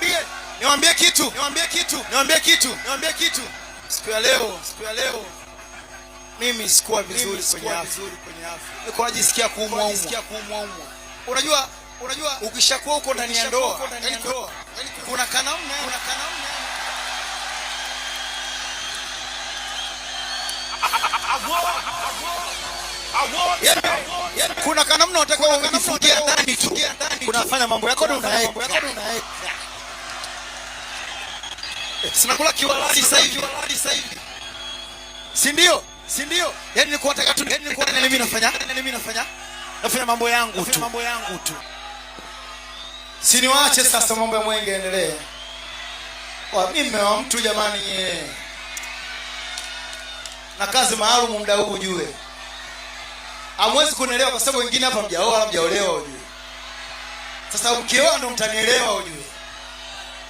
niwaambie niwaambie kitu niwaambie kitu niwaambie kitu niwaambie kitu, siku ya leo siku ya leo mimi sikuwa vizuri kwenye afya, niko najisikia kuumwa umwa. Unajua, unajua ukishakuwa uko ndani ya ndoa, yaani yaani kuna kanaume kuna kanamna yaani. unataka ujifungie ndani tu, unafanya mambo yako na unaeka sinakula kiwalani sasa hivi, sasa hivi, si ndio? Si ndio? Yani nikuwataka tu, yani nilikuwa na mimi nafanya na mimi nafanya nafanya mambo yangu tu, mambo yangu tu. Si niwaache sasa mambo ya mwenge endelee. Kwa mimi mume wa mtu jamani, na kazi maalum muda huu ujue, hamwezi kunielewa kwa sababu wengine hapa mjaoa mjaolewa ujue. Sasa mkioa ndo mtanielewa ujue.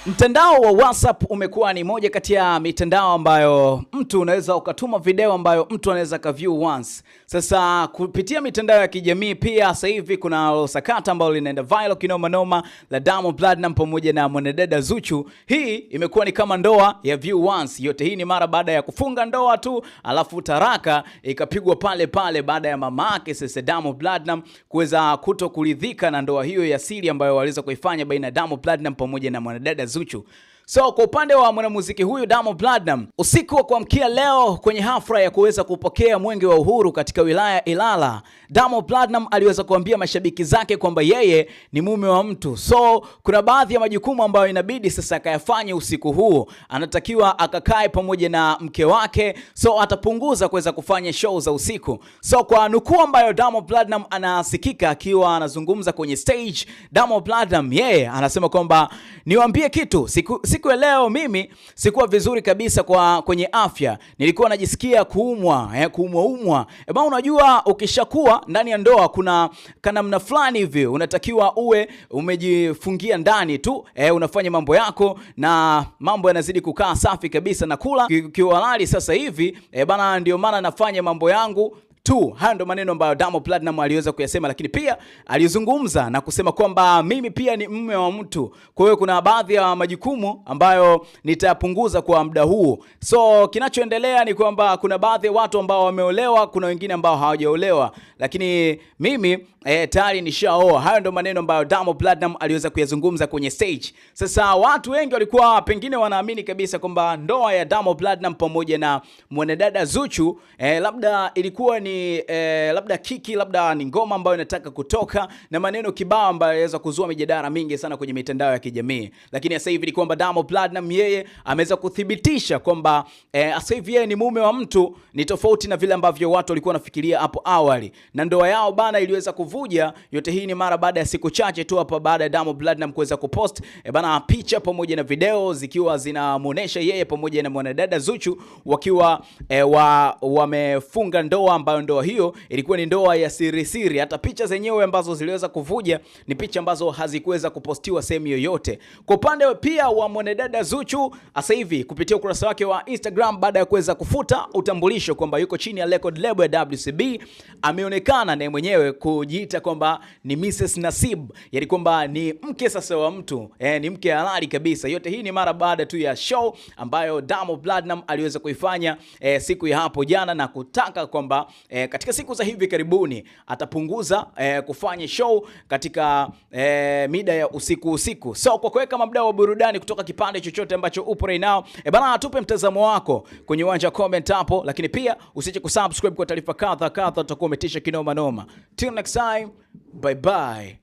Mtandao wa WhatsApp umekuwa ni moja kati ya mitandao ambayo mtu unaweza ukatuma video ambayo mtu anaweza ka view once. Sasa kupitia mitandao ya kijamii pia sasa hivi kuna sakata ambayo linaenda viral kinoma noma la Diamond Platnumz pamoja na mwanadada Zuchu. Hii imekuwa ni kama ndoa ya view once. Yote hii ni mara baada ya kufunga ndoa tu, alafu taraka ikapigwa pale pale baada ya mama yake sasa Diamond Platnumz kuweza kutokuridhika na ndoa hiyo ya siri ambayo waliweza kuifanya baina ya Diamond Platnumz pamoja na mwanadada Zuchu. So kwa upande wa mwanamuziki huyu Diamond Platnumz, usiku wa kuamkia leo kwenye hafla ya kuweza kupokea mwenge wa uhuru katika wilaya Ilala, Diamond Platnumz aliweza kuambia mashabiki zake kwamba yeye ni mume wa mtu. So kuna baadhi ya majukumu ambayo inabidi sasa akayafanye usiku huu anatakiwa akakae pamoja na mke wake, so atapunguza kuweza kufanya show za usiku. So kwa nukuu ambayo Diamond Platnumz anasikika akiwa anazungumza kwenye stage, Diamond Platnumz yeye anasema kwamba Niwaambie kitu siku, siku ya leo mimi sikuwa vizuri kabisa kwa kwenye afya, nilikuwa najisikia kuumwa eh, kuumwa umwa eh, bwana. Unajua, ukishakuwa ndani ya ndoa kuna kanamna fulani hivi unatakiwa uwe umejifungia ndani tu eh, unafanya mambo yako na mambo yanazidi kukaa safi kabisa na kula kiwalali. Sasa hivi eh, bana, ndio maana nafanya mambo yangu tu. Haya ndo maneno ambayo Diamond Platinum aliweza kuyasema, lakini pia alizungumza na kusema kwamba mimi pia ni mume wa mtu, kwa hiyo kuna baadhi ya majukumu ambayo nitayapunguza kwa muda huu. So kinachoendelea ni kwamba kuna baadhi ya watu ambao wameolewa, kuna wengine ambao hawajaolewa, lakini mimi eh, tayari nishaoa. Hayo ndo maneno ambayo Diamond Platinum aliweza kuyazungumza kwenye stage. Sasa watu wengi walikuwa pengine wanaamini kabisa kwamba ndoa ya Diamond Platinum pamoja na mwanadada Zuchu eh, labda ilikuwa ni ni eh, labda kiki labda ni ngoma ambayo inataka kutoka na maneno kibao ambayo yaweza kuzua mijadala mingi sana kwenye mitandao ya kijamii, lakini sasa hivi ni kwamba Diamond Platnumz yeye ameweza kuthibitisha kwamba eh, sasa hivi yeye ni mume wa mtu, ni tofauti na vile ambavyo watu walikuwa wanafikiria hapo awali, na ndoa yao bana iliweza kuvuja. Yote hii ni mara baada ya siku chache tu hapa baada ya Diamond Platnumz kuweza kupost eh, bana picha pamoja na video zikiwa zinamuonesha yeye pamoja na mwanadada Zuchu wakiwa eh, wa, wamefunga ndoa ambayo ambayo ndoa hiyo ilikuwa ni ndoa ya siri siri. Hata picha zenyewe ambazo ziliweza kuvuja ni picha ambazo hazikuweza kupostiwa sehemu yoyote. Kwa upande pia wa mwanadada Zuchu, sasa hivi kupitia ukurasa wake wa Instagram, baada ya kuweza kufuta utambulisho kwamba yuko chini ya record label ya WCB, ameonekana naye mwenyewe kujiita kwamba ni Mrs Nasib, yani kwamba ni mke sasa wa mtu e, ni mke halali kabisa. Yote hii ni mara baada tu ya show ambayo Diamond Platnumz aliweza kuifanya e, siku ya hapo jana na kutaka kwamba e, katika siku za hivi karibuni atapunguza e, kufanya show katika e, mida ya usiku usiku. So kwa kuweka mabda wa burudani kutoka kipande chochote ambacho upo right now, e, bana atupe mtazamo wako kwenye uwanja comment hapo, lakini pia usiache kusubscribe kwa taarifa kadha kadha, tutakuwa umetisha kinoma noma. Till next time, bye bye.